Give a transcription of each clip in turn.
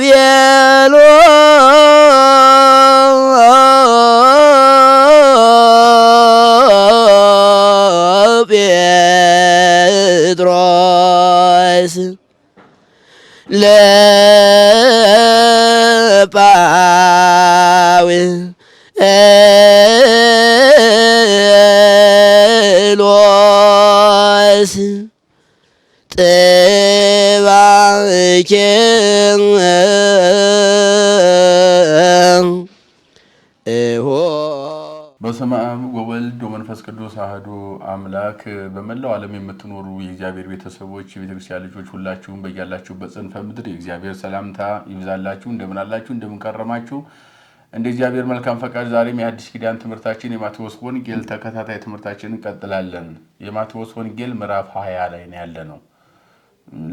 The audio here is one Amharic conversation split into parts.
ቤሎ ጴጥሮስ ለጳዊ ሎስ ذكرك በስመ አብ ወወልድ ወመንፈስ ቅዱስ አህዶ አምላክ። በመላው ዓለም የምትኖሩ የእግዚአብሔር ቤተሰቦች የቤተክርስቲያን ልጆች ሁላችሁም በያላችሁበት ጽንፈ ምድር የእግዚአብሔር ሰላምታ ይብዛላችሁ። እንደምን አላችሁ? እንደምን ከረማችሁ? እንደ እግዚአብሔር መልካም ፈቃድ ዛሬም የአዲስ ኪዳን ትምህርታችን የማቴዎስ ወንጌል ተከታታይ ትምህርታችን እንቀጥላለን። የማቴዎስ ወንጌል ምዕራፍ 20 ላይ ያለ ነው።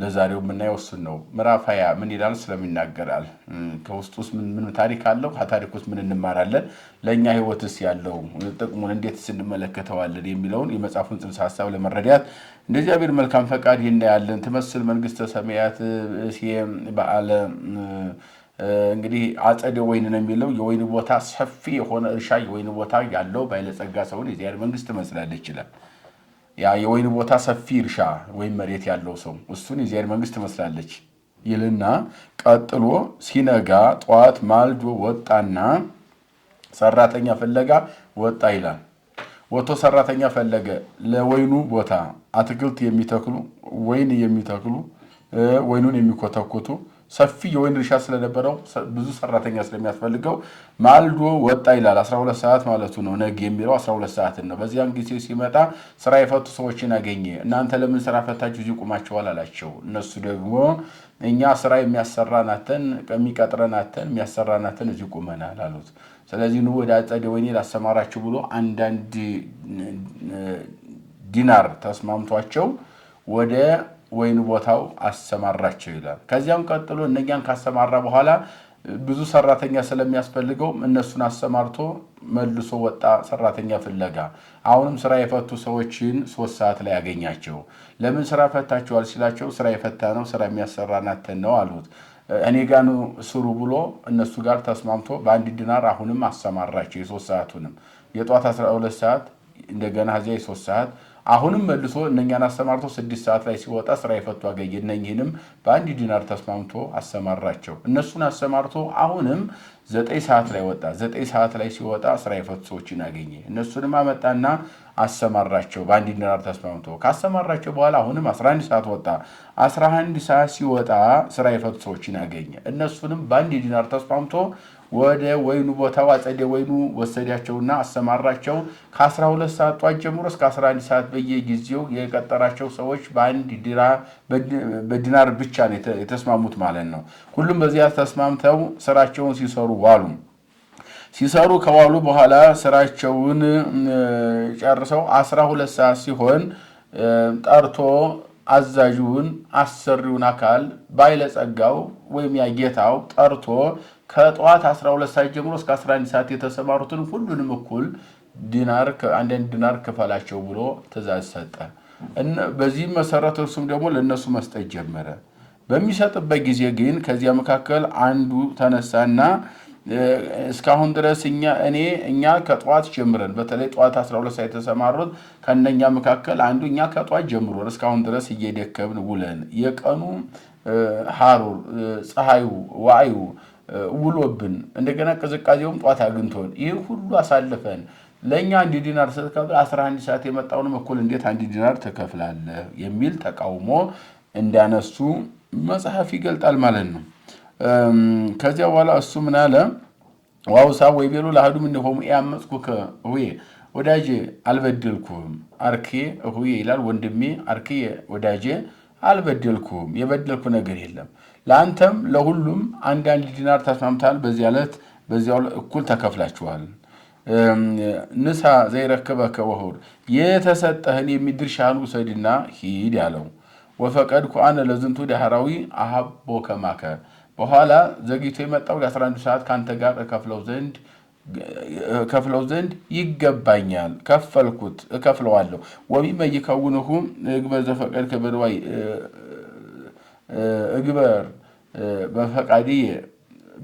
ለዛሬው የምናየው እሱን ነው። ምዕራፍ ሀያ ምን ይላል? ስለሚናገራል ከውስጥ ውስጥ ምን ታሪክ አለው? ከታሪክ ውስጥ ምን እንማራለን? ለእኛ ህይወትስ ያለው ጥቅሙን እንዴትስ እንመለከተዋለን? የሚለውን የመጽሐፉን ጽንሰ ሀሳብ ለመረዳት እንደ እግዚአብሔር መልካም ፈቃድ ይህን ያለን ትመስል መንግስተ ሰማያት በዓለ እንግዲህ አጸደ ወይን ነው የሚለው የወይን ቦታ ሰፊ የሆነ እርሻ የወይን ቦታ ያለው ባለጸጋ ሰውን የእግዚአብሔር መንግስት ትመስላለች ይችላል። ያ የወይን ቦታ ሰፊ እርሻ ወይም መሬት ያለው ሰው እሱን የእግዚአብሔር መንግስት ትመስላለች ይልና ቀጥሎ ሲነጋ ጠዋት ማልዶ ወጣና ሰራተኛ ፈለጋ ወጣ ይላል። ወጥቶ ሰራተኛ ፈለገ። ለወይኑ ቦታ አትክልት የሚተክሉ ወይን የሚተክሉ ወይኑን የሚኮተኩቱ ሰፊ የወይን እርሻ ስለነበረው ብዙ ሰራተኛ ስለሚያስፈልገው ማልዶ ወጣ ይላል። 12 ሰዓት ማለቱ ነው። ነግ የሚለው 12 ሰዓትን ነው። በዚያን ጊዜ ሲመጣ ስራ የፈቱ ሰዎችን አገኘ። እናንተ ለምን ስራ ፈታችሁ እዚህ ቁማችኋል? አላቸው። እነሱ ደግሞ እኛ ስራ የሚያሰራናትን የሚቀጥረናትን የሚያሰራናትን እዚህ ቁመናል አሉት። ስለዚህ ኑ ወደ አጸደ ወይኔ ላሰማራችሁ ብሎ አንዳንድ ዲናር ተስማምቷቸው ወደ ወይን ቦታው አሰማራቸው ይላል። ከዚያም ቀጥሎ እነኛን ካሰማራ በኋላ ብዙ ሰራተኛ ስለሚያስፈልገው እነሱን አሰማርቶ መልሶ ወጣ ሰራተኛ ፍለጋ። አሁንም ስራ የፈቱ ሰዎችን ሶስት ሰዓት ላይ ያገኛቸው። ለምን ስራ ፈታችኋል ሲላቸው ስራ የፈታ ነው ስራ የሚያሰራ ናተን ነው አሉት። እኔ ጋኑ ስሩ ብሎ እነሱ ጋር ተስማምቶ በአንድ ዲናር አሁንም አሰማራቸው። የሶስት ሰዓቱንም የጠዋት 12 ሰዓት እንደገና ዚያ የሶስት ሰዓት አሁንም መልሶ እነኛን አሰማርቶ ስድስት ሰዓት ላይ ሲወጣ ስራ የፈቱ አገኘ። እነኝህንም በአንድ ዲናር ተስማምቶ አሰማራቸው። እነሱን አሰማርቶ አሁንም ዘጠኝ ሰዓት ላይ ወጣ። ዘጠኝ ሰዓት ላይ ሲወጣ ስራ የፈቱ ሰዎችን አገኘ። እነሱንም አመጣና አሰማራቸው በአንድ ዲናር ተስማምቶ። ካሰማራቸው በኋላ አሁንም 11 ሰዓት ወጣ። 11 ሰዓት ሲወጣ ስራ የፈቱ ሰዎችን አገኘ። እነሱንም በአንድ ዲናር ተስማምቶ ወደ ወይኑ ቦታው አጸደ ወይኑ ወሰዳቸውና አሰማራቸው። ከ12 ሰዓት ጧት ጀምሮ እስከ 11 ሰዓት በየጊዜው የቀጠራቸው ሰዎች በአንድ በዲናር ብቻ ነው የተስማሙት ማለት ነው። ሁሉም በዚያ ተስማምተው ስራቸውን ሲሰሩ ዋሉ። ሲሰሩ ከዋሉ በኋላ ስራቸውን ጨርሰው 12 ሰዓት ሲሆን ጠርቶ አዛዡን አሰሪውን አካል ባይለጸጋው ወይም ያጌታው ጠርቶ ከጠዋት 12 ሰዓት ጀምሮ እስከ 11 ሰዓት የተሰማሩትን ሁሉንም እኩል ዲናር አንዳንድ ዲናር ክፈላቸው ብሎ ትእዛዝ ሰጠ። በዚህም መሰረት እርሱም ደግሞ ለእነሱ መስጠት ጀመረ። በሚሰጥበት ጊዜ ግን ከዚያ መካከል አንዱ ተነሳና እስካሁን ድረስ እኛ እኔ እኛ ከጠዋት ጀምረን በተለይ ጠዋት 12 ሰዓት የተሰማሩት ከእነኛ መካከል አንዱ እኛ ከጠዋት ጀምሮን እስካሁን ድረስ እየደከምን ውለን የቀኑ ሐሩር ፀሐዩ ዋዩ ውሎብን እንደገና ቅዝቃዜውም ጠዋት አግኝቶን ይህ ሁሉ አሳልፈን ለእኛ አንድ ዲናር ስትከፍል 11 ሰዓት የመጣውንም እኩል እንዴት አንድ ዲናር ትከፍላለህ የሚል ተቃውሞ እንዳነሱ መጽሐፍ ይገልጣል ማለት ነው። ከዚያ በኋላ እሱ ምን አለ? ዋውሳ ወይ ቤሎ ለአህዱም እንደሆሙ ያመፅኩ ሁዬ ወዳጄ አልበደልኩም አርኬ ሁዬ ይላል ወንድሜ አርኬ ወዳጄ አልበደልኩም የበደልኩ ነገር የለም ለአንተም ለሁሉም አንዳንድ ዲናር ተስማምታል። በዚህ ዕለት በዚያው እኩል ተከፍላችኋል። ንሳ ዘይረክበ ከወሁር የተሰጠህን የሚድርሻህን ውሰድና ሂድ ያለው ወፈቀድ ኩአነ ለዝንቱ ዳህራዊ አሃቦ ከማከ በኋላ ዘግይቶ የመጣው ለ11 ሰዓት ከአንተ ጋር ከፍለው ዘንድ ይገባኛል፣ ከፈልኩት፣ እከፍለዋለሁ ወሚመይከውንሁም ይከውንሁ እግበ ከበድዋይ እግበር በፈቃድየ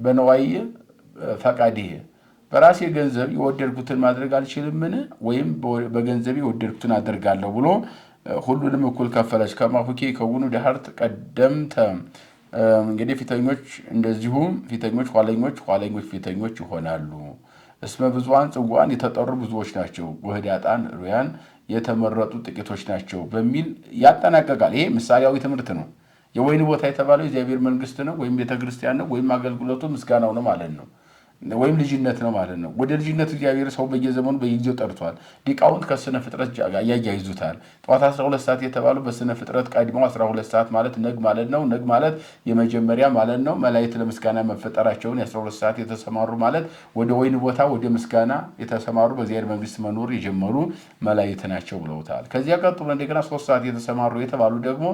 በነዋየ ፈቃድየ በራሴ ገንዘብ የወደድኩትን ማድረግ አልችልምን? ወይም በገንዘብ የወደድኩትን አደርጋለሁ ብሎ ሁሉንም እኩል ከፈለች። ከማሁኬ ከውኑ ዳህርት ቀደምተ እንግዲህ ፊተኞች እንደዚሁም ፊተኞች ኋለኞች፣ ኋለኞች ፊተኞች ይሆናሉ። እስመ ብዙኃን ጽዋን የተጠሩ ብዙዎች ናቸው፣ ወህዳጣን ሩያን የተመረጡ ጥቂቶች ናቸው በሚል ያጠናቀቃል። ይሄ ምሳሌያዊ ትምህርት ነው። የወይን ቦታ የተባለው እግዚአብሔር መንግስት ነው ወይም ቤተክርስቲያን ነው ወይም አገልግሎቱ ምስጋናው ነው ማለት ነው ወይም ልጅነት ነው ማለት ነው። ወደ ልጅነት እግዚአብሔር ሰው በየዘመኑ በየጊዜው ጠርቷል። ዲቃውንት ከስነ ፍጥረት ያያይዙታል። ጠዋት 12 ሰዓት የተባሉ በስነ ፍጥረት ቀድሞ 12 ሰዓት ማለት ነግ ማለት ነው። ነግ ማለት የመጀመሪያ ማለት ነው። መላእክት ለምስጋና መፈጠራቸውን የ12 ሰዓት የተሰማሩ ማለት ወደ ወይን ቦታ ወደ ምስጋና የተሰማሩ በእግዚአብሔር መንግስት መኖር የጀመሩ መላእክት ናቸው ብለውታል። ከዚያ ቀጥሎ እንደገና ሶስት ሰዓት የተሰማሩ የተባሉ ደግሞ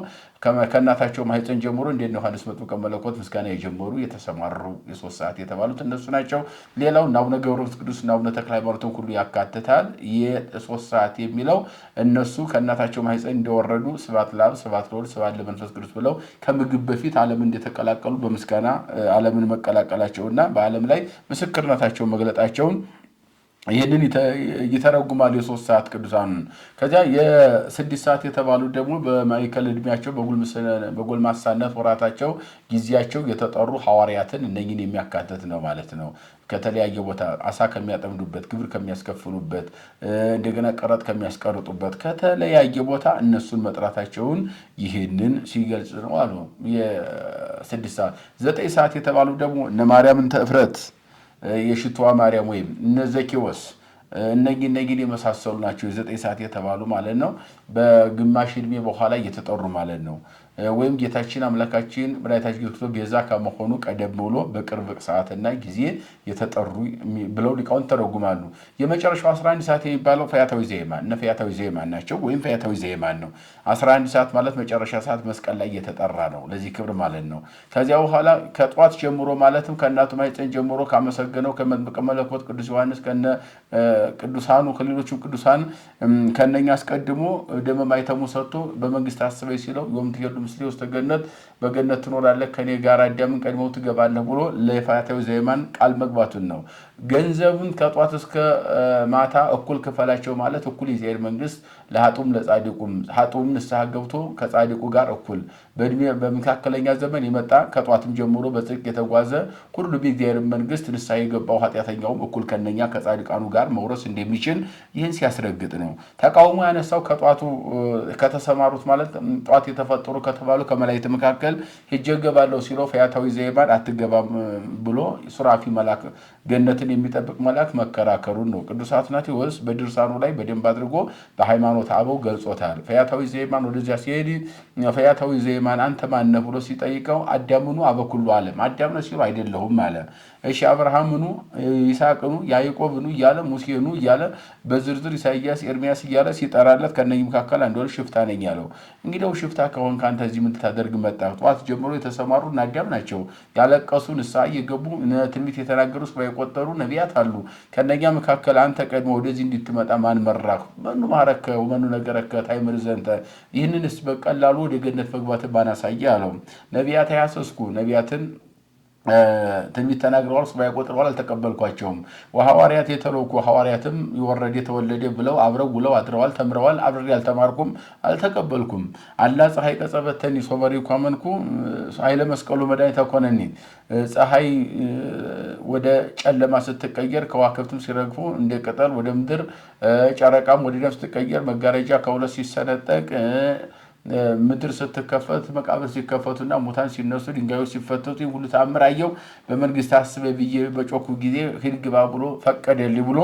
ከእናታቸው ማህፀን ጀምሮ እንደ ዮሐንስ መጥምቀ መለኮት ምስጋና የጀመሩ የተሰማሩ የሶስት ሰዓት የተባሉት እነሱ ናቸው። ሌላው እና አቡነ ገብረ መንፈስ ቅዱስ እና አቡነ ተክለ ሃይማኖትን ሁሉ ያካትታል። የሶስት ሰዓት የሚለው እነሱ ከእናታቸው ማህፀን እንደወረዱ ስብሐት ለአብ ስብሐት ለወልድ ስብሐት ለመንፈስ ቅዱስ ብለው ከምግብ በፊት ዓለምን እንደተቀላቀሉ በምስጋና ዓለምን መቀላቀላቸውና በዓለም ላይ ምስክርነታቸው መግለጣቸውን ይህንን ይተረጉማል የሶስት ሰዓት ቅዱሳን። ከዚያ የስድስት ሰዓት የተባሉት ደግሞ በማዕከል እድሜያቸው በጎልማሳነት ወራታቸው ጊዜያቸው የተጠሩ ሐዋርያትን እነኝን የሚያካተት ነው ማለት ነው። ከተለያየ ቦታ አሳ ከሚያጠምዱበት፣ ግብር ከሚያስከፍሉበት፣ እንደገና ቀረጥ ከሚያስቀርጡበት ከተለያየ ቦታ እነሱን መጥራታቸውን ይህንን ሲገልጽ ነው አሉ። የስድስት ሰዓት ዘጠኝ ሰዓት የተባሉ ደግሞ እነ ማርያምን ተእፍረት የሽቷ ማርያም ወይም እነ ዘኬዎስ እነጊ እነጊን የመሳሰሉ ናቸው የዘጠኝ ሰዓት የተባሉ ማለት ነው። በግማሽ እድሜ በኋላ እየተጠሩ ማለት ነው። ወይም ጌታችን አምላካችን መድኃኒታችን ኢየሱስ ቤዛ ከመሆኑ ቀደም ብሎ በቅርብ ሰዓትና ጊዜ የተጠሩ ብለው ሊቃውን ተረጉማሉ። የመጨረሻው 11 ሰዓት የሚባለው ፈያታዊ ዘየማን እነ ፈያታዊ ዘየማን ናቸው፣ ወይም ፈያታዊ ዘየማን ነው። 11 ሰዓት ማለት መጨረሻ ሰዓት መስቀል ላይ እየተጠራ ነው፣ ለዚህ ክብር ማለት ነው። ከዚያ በኋላ ከጠዋት ጀምሮ ማለትም ከእናቱ ማይጠን ጀምሮ ካመሰገነው ከመጥምቀ መለኮት ቅዱስ ዮሐንስ ከነ ቅዱሳኑ ከሌሎችም ቅዱሳን ከነኛ አስቀድሞ ደመ ማይተሙ ሰጥቶ በመንግስት አስበ ሲለው ዮም ትሄዱ ምስሌ ውስተ ገነት፣ በገነት ትኖራለህ ከኔ ጋር አዳምን ቀድመው ትገባለህ ብሎ ለፋታዊ ዘይማን ቃል መግባቱን ነው። ገንዘቡን ከጧት እስከ ማታ እኩል ክፈላቸው ማለት እኩል የእግዚአብሔር መንግስት ለሀጡም ለጻድቁም ሀጡም ንስሐ ገብቶ ከጻድቁ ጋር እኩል በእድሜ በመካከለኛ ዘመን የመጣ ከጠዋትም ጀምሮ በጽድቅ የተጓዘ ሁሉ የእግዚአብሔር መንግስት ንስሐ የገባው ኃጢአተኛውም እኩል ከነኛ ከጻድቃኑ ጋር መውረስ እንደሚችል ይህን ሲያስረግጥ ነው። ተቃውሞ ያነሳው ከጠዋቱ ከተሰማሩት ማለት ጠዋት የተፈጠሩ ከተባሉ ከመላእክት መካከል ሄጄ እገባለሁ ሲለው ፈያታዊ ዘየማን አትገባም ብሎ ሱራፊ መልአክ ገነትን የሚጠብቅ መልአክ መከራከሩን ነው። ቅዱስ አትናቴዎስ በድርሳኑ ላይ በደንብ አድርጎ በሃይማኖት ሃይማኖት አበው ገልጾታል። ፈያታዊ ዘየማን ወደዚያ ሲሄድ ፈያታዊ ዘየማን አንተ ማነህ ብሎ ሲጠይቀው አዳምኑ አበኩሉ ዓለም አዳምነ ሲሉ አይደለሁም አለ። እሺ አብርሃምኑ ይስሐቅኑ ያዕቆብኑ እያለ ሙሴኑ እያለ በዝርዝር ኢሳያስ ኤርሚያስ እያለ ሲጠራለት ከነኝ መካከል አንዱ ሽፍታ ነኝ ያለው። እንግዲያው ሽፍታ ከሆን ከአንተ እዚህ ምን ታደርግ መጣ? ጠዋት ጀምሮ የተሰማሩ ናዳም ናቸው። ያለቀሱ ንስሐ እየገቡ ትንቢት የተናገሩ ስራ የቆጠሩ ነቢያት አሉ። ከነኛ መካከል አንተ ቀድሞ ወደዚህ እንድትመጣ ማን መራህ? መኑ ማረከ መኑ ነገረከ ታይምር ዘንተ ይህንንስ በቀላሉ ወደ ገነት መግባት ባናሳየ አለው። ነቢያት አያሰስኩ ነቢያትን ትንቢት ተናግረዋል፣ ሱባኤ ቆጥረዋል፣ አልተቀበልኳቸውም። ወሐዋርያት የተለኩ ሐዋርያትም የወረደ የተወለደ ብለው አብረው ውለው አድረዋል፣ ተምረዋል። አብሬ አልተማርኩም፣ አልተቀበልኩም። አላ ፀሐይ ቀጸበተኒ ሶበሪ ኳመንኩ ኃይለ መስቀሉ መድኃኒት ተኮነኒ። ፀሐይ ወደ ጨለማ ስትቀየር፣ ከዋክብትም ሲረግፉ እንደ ቅጠል ወደ ምድር፣ ጨረቃም ወደ ደም ስትቀየር፣ መጋረጃ ከሁለት ሲሰነጠቅ ምድር ስትከፈት መቃብር ሲከፈቱና ሙታን ሲነሱ ድንጋዮች ሲፈተቱ ሁሉ ተአምር አየው። በመንግስት አስበ ብዬ በጮኩ ጊዜ ህድግባ ብሎ ፈቀደልኝ ብሎ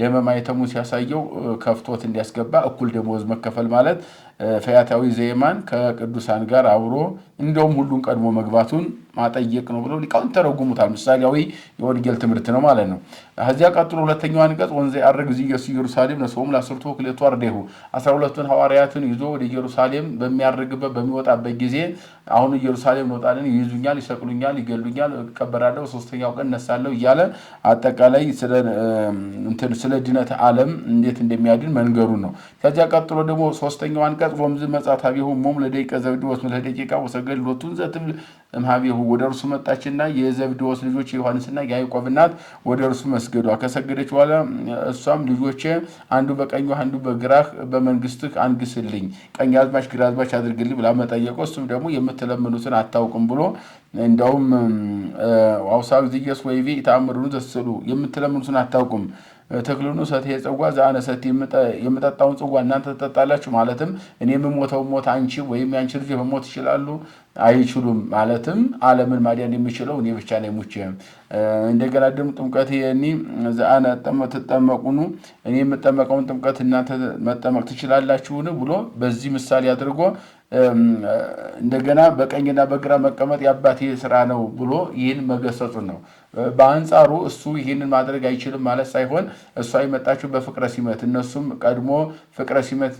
ደመ ማኅተሙን ሲያሳየው ከፍቶት እንዲያስገባ እኩል ደመወዝ መከፈል ማለት ፈያታዊ ዘየማን ከቅዱሳን ጋር አብሮ እንደውም ሁሉን ቀድሞ መግባቱን ማጠየቅ ነው ብለው ሊቃውንት ተረጉሙታል። ምሳሌያዊ የወንጌል ትምህርት ነው ማለት ነው። ከዚያ ቀጥሎ ሁለተኛው አንቀጽ ወንዘ ያድርግ ዚ ኢየሱስ ኢየሩሳሌም ነስኦም ለአስርቱ ክሌቱ አርዴሁ አስራ ሁለቱን ሐዋርያትን ይዞ ወደ ኢየሩሳሌም በሚያደርግበት በሚወጣበት ጊዜ አሁን ኢየሩሳሌም እንወጣለን፣ ይይዙኛል፣ ይሰቅሉኛል፣ ይገሉኛል፣ እቀበራለሁ፣ ሶስተኛው ቀን እነሳለሁ እያለ አጠቃላይ ስለ ድነት ዓለም እንዴት እንደሚያድን መንገሩ ነው። ከዚያ ቀጥሎ ደግሞ ሶስተኛው አንቀጽ ተጻጽፎም ዝ መጻ ታቤሁ ሞም ለደቂቀ ዘብዴዎስ ለደቂቃ ወሰገድ ሎቱን ዘትም እምሃቤሁ ወደ እርሱ መጣችና የዘብዴዎስ ልጆች የዮሐንስና የያዕቆብ እናት ወደ እርሱ መስገዷ ከሰገደች በኋላ እሷም ልጆቼ አንዱ በቀኙ አንዱ በግራህ በመንግስትህ አንግስልኝ፣ ቀኝ አዝማች ግራ አዝማች አድርግልኝ ብላ መጠየቆ እሱም ደግሞ የምትለምኑትን አታውቅም ብሎ እንደውም አውሳዊ ዝየስ ወይቤ ኢተአምሩን ዘስዕሉ የምትለምኑትን አታውቁም ተክልኑ ሰት ጽዋ ዛነ ሰት የምጠጣውን ጽዋ እናንተ ትጠጣላችሁ፣ ማለትም እኔ የምሞተው ሞት አንቺ ወይም ያንቺ ልጅ መሞት ይችላሉ አይችሉም። ማለትም ዓለምን ማዳን የሚችለው እኔ ብቻ ነው ሙቼ እንደገና ደግሞ ጥምቀት የኒ ዛነ ትጠመቁኑ እኔ የምጠመቀውን ጥምቀት እናንተ መጠመቅ ትችላላችሁን ብሎ በዚህ ምሳሌ አድርጎ እንደገና በቀኝና በግራ መቀመጥ የአባቴ ስራ ነው ብሎ ይህን መገሰጹን ነው። በአንጻሩ እሱ ይህንን ማድረግ አይችልም ማለት ሳይሆን እሷ የመጣችው በፍቅረ ሲመት እነሱም ቀድሞ ፍቅረ ሲመት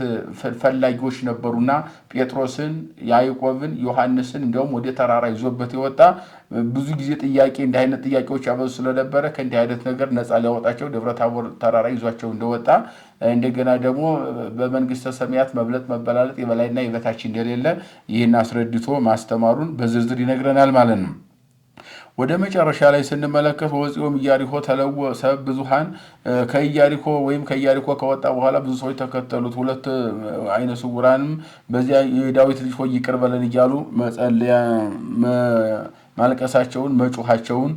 ፈላጊዎች ነበሩና ጴጥሮስን፣ ያዕቆብን፣ ዮሐንስን እንዲሁም ወደ ተራራ ይዞበት የወጣ ብዙ ጊዜ ጥያቄ እንዲህ አይነት ጥያቄዎች ያበዙ ስለነበረ ከእንዲህ አይነት ነገር ነፃ ሊያወጣቸው ደብረ ታቦር ተራራ ይዟቸው እንደወጣ እንደገና ደግሞ በመንግስተ ሰማያት መብለጥ መበላለጥ የበላይና የበታች እንደሌለ ይህን አስረድቶ ማስተማሩን በዝርዝር ይነግረናል ማለት ነው። ወደ መጨረሻ ላይ ስንመለከት ወፂኦም ኢያሪኮ ተለወ ሰብ ብዙሃን ከኢያሪኮ ወይም ከኢያሪኮ ከወጣ በኋላ ብዙ ሰዎች ተከተሉት። ሁለት አይነ ስውራንም በዚያ የዳዊት ልጅ ሆይ ይቅር በለን እያሉ ማልቀሳቸውን መጩሃቸውን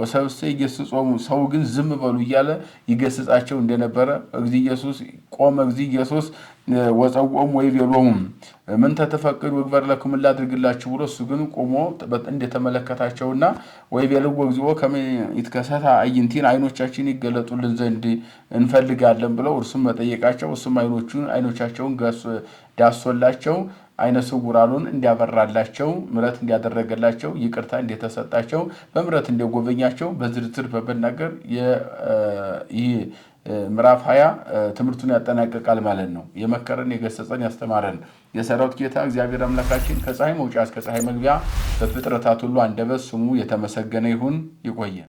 ወሰብእሰ ይገስጾሙ ሰው ግን ዝም በሉ እያለ ይገስጻቸው እንደነበረ እግዚ ኢየሱስ ቆመ እግዚ ኢየሱስ ወይ ወይቤሎሙ ምን ተተፈቅዱ እግበር ለክሙ ላድርግላችሁ ብሎ እሱ ግን ቆሞ እንደተመለከታቸውና ወይቤልዎ እግዚኦ ከመ ይትከሰታ አይንቲን አይኖቻችን ይገለጡልን ዘንድ እንፈልጋለን ብለው እርሱም መጠየቃቸው እሱም አይኖቹን አይኖቻቸውን ዳሶላቸው አይነ ስውራኑን እንዲያበራላቸው ምረት እንዲያደረገላቸው ይቅርታ እንደተሰጣቸው በምረት እንደጎበኛቸው በዝርዝር በመናገር ይህ ምዕራፍ ሀያ ትምህርቱን ያጠናቀቃል ማለት ነው። የመከረን የገሰጸን ያስተማረን የሰራዊት ጌታ እግዚአብሔር አምላካችን ከፀሐይ መውጫ እስከ ፀሐይ መግቢያ በፍጥረታት ሁሉ አንደበት ስሙ የተመሰገነ ይሁን። ይቆየ